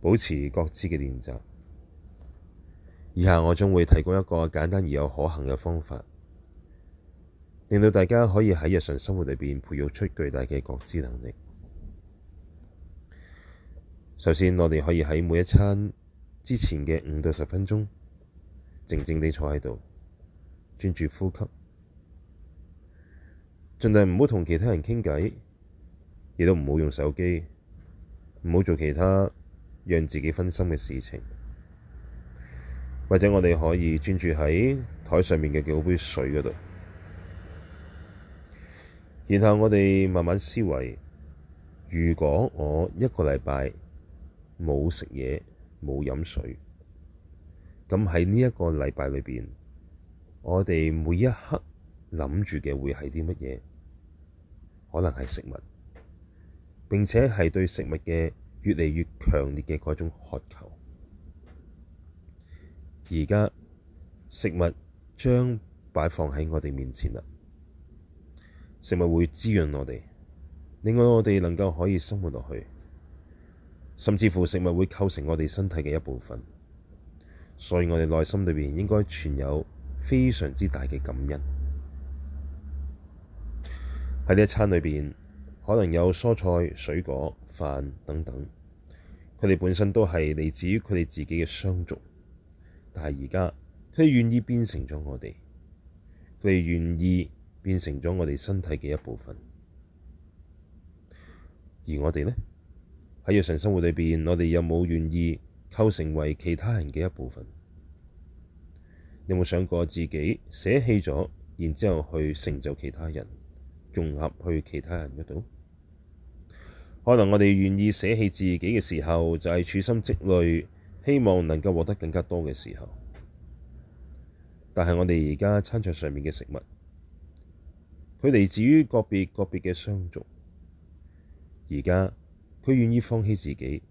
保持覺知嘅練習，以下我將會提供一個簡單而又可行嘅方法，令到大家可以喺日常生活裏邊培育出巨大嘅覺知能力。首先，我哋可以喺每一餐之前嘅五到十分鐘，靜靜地坐喺度，專注呼吸，盡量唔好同其他人傾偈，亦都唔好用手機，唔好做其他。讓自己分心嘅事情，或者我哋可以專注喺台上面嘅幾杯水嗰度。然後我哋慢慢思維：如果我一個禮拜冇食嘢、冇飲水，咁喺呢一個禮拜裏邊，我哋每一刻諗住嘅會係啲乜嘢？可能係食物，並且係對食物嘅。越嚟越強烈嘅嗰種渴求，而家食物將擺放喺我哋面前啦，食物會滋潤我哋，令到我哋能夠可以生活落去，甚至乎食物會構成我哋身體嘅一部分，所以我哋內心裏邊應該存有非常之大嘅感恩。喺呢一餐裏邊，可能有蔬菜、水果。飯等等，佢哋本身都係嚟自於佢哋自己嘅傷族，但係而家佢哋願意變成咗我哋，佢哋願意變成咗我哋身體嘅一部分。而我哋呢，喺日常生活裏邊，我哋有冇願意構成為其他人嘅一部分？有冇想過自己捨棄咗，然之後去成就其他人，融合去其他人嗰度？可能我哋願意捨棄自己嘅時候，就係處心積慮，希望能夠獲得更加多嘅時候。但係我哋而家餐桌上面嘅食物，佢嚟自於個別個別嘅相續。而家佢願意放棄自己，去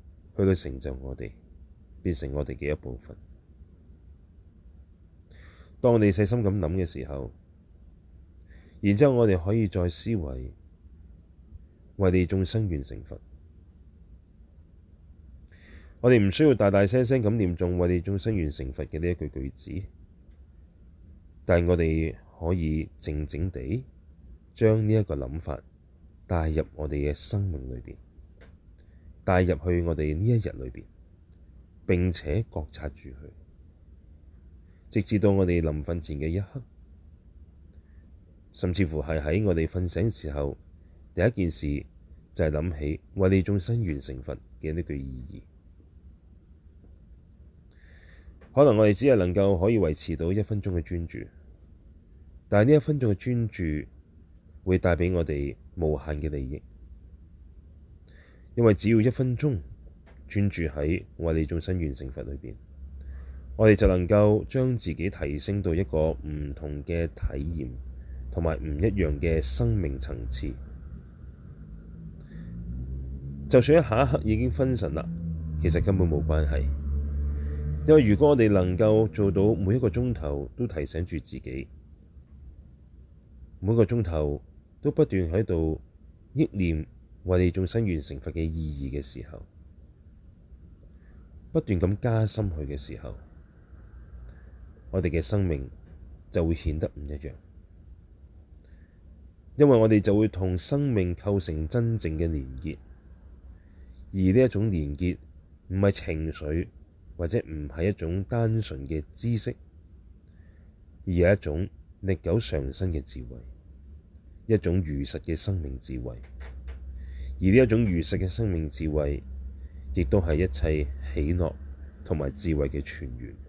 到成就我哋，變成我哋嘅一部分。當我哋細心咁諗嘅時候，然之後我哋可以再思維。為地眾生願成佛，我哋唔需要大大聲聲咁念誦為地眾生願成佛嘅呢一句句子，但係我哋可以靜靜地將呢一個諗法帶入我哋嘅生命裏邊，帶入去我哋呢一日裏邊，並且覺察住佢，直至到我哋臨瞓前嘅一刻，甚至乎係喺我哋瞓醒嘅時候。第一件事就係、是、諗起為利眾生完成佛嘅呢句意義。可能我哋只係能夠可以維持到一分鐘嘅專注，但係呢一分鐘嘅專注會帶畀我哋無限嘅利益，因為只要一分鐘專注喺為利眾生完成佛裏邊，我哋就能夠將自己提升到一個唔同嘅體驗，同埋唔一樣嘅生命層次。就算下一刻已經分神啦，其實根本冇關係。因為如果我哋能夠做到每一個鐘頭都提醒住自己，每個鐘頭都不斷喺度憶念為利眾生願成佛嘅意義嘅時候，不斷咁加深佢嘅時候，我哋嘅生命就會顯得唔一樣。因為我哋就會同生命構成真正嘅連結。而呢一種連結唔係情緒，或者唔係一種單純嘅知識，而係一種歷久常新嘅智慧，一種如實嘅生命智慧。而呢一種如實嘅生命智慧，亦都係一切喜樂同埋智慧嘅泉源。